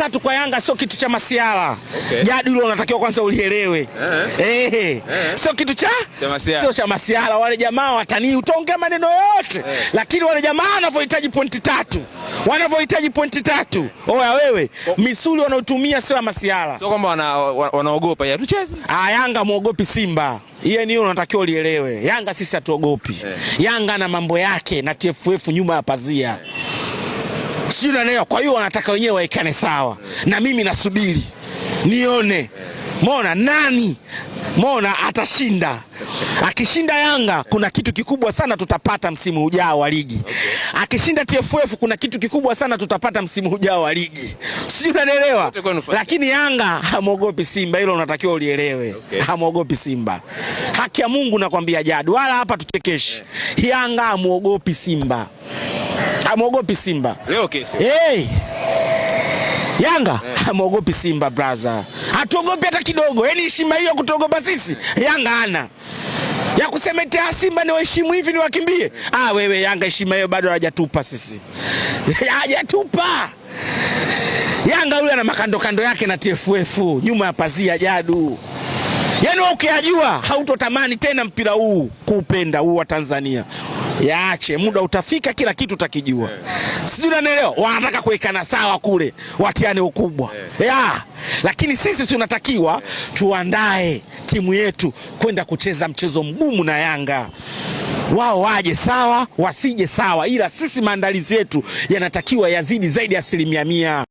tatu kwa Yanga sio kitu cha masiala. okay. Jadi ule unatakiwa kwanza ulielewe uh -huh. eh, eh. Sio kitu cha sio cha masiala. Wale jamaa watanii, utaongea maneno yote uh eh. -huh. Lakini wale jamaa wanavyohitaji pointi tatu, wanavyohitaji pointi tatu, oya wewe oh. Misuli wanaotumia sio ya masiala. sio kwamba wana wanaogopa ya tucheze. ah, Yanga muogopi Simba hiyo ni unatakiwa ulielewe. Yanga sisi hatuogopi eh. Yanga na mambo yake na TFF nyuma ya pazia eh sijui nanelewa. Kwa hiyo wanataka wenyewe waikane sawa, na mimi nasubiri nione mona nani mona atashinda. Akishinda Yanga kuna kitu kikubwa sana tutapata msimu ujao wa ligi. Akishinda TFF kuna kitu kikubwa sana tutapata msimu ujao wa ligi, sijui unanielewa. Lakini Yanga hamwogopi Simba, hilo unatakiwa ulielewe. Okay. Hamwogopi Simba, haki ya Mungu nakwambia, Jadu, wala hapa tuchekeshi. Yanga hamwogopi Simba amwogopi Simba leo kesho. Hey. Yanga yeah. Amwogopi Simba brother, hatuogopi hata kidogo. Yaani heshima hiyo kutogopa sisi Yanga ana ya kusemetea ah, Simba ni waheshimu hivi ni wakimbie. Eh. Ah, wewe Yanga heshima hiyo bado hajatupa sisi hajatupa Yanga huyu ana makandokando yake na TFF nyuma ya pazia jadu. Yaani ukiyajua hautotamani tena mpira huu kuupenda huu wa Tanzania yaache, muda utafika, kila kitu utakijua. Sijui unanielewa? Wanataka kuwekana sawa kule, watiane ukubwa ya, lakini sisi tunatakiwa tuandae timu yetu kwenda kucheza mchezo mgumu na Yanga wao waje sawa wasije sawa, ila sisi maandalizi yetu yanatakiwa yazidi zaidi ya asilimia mia.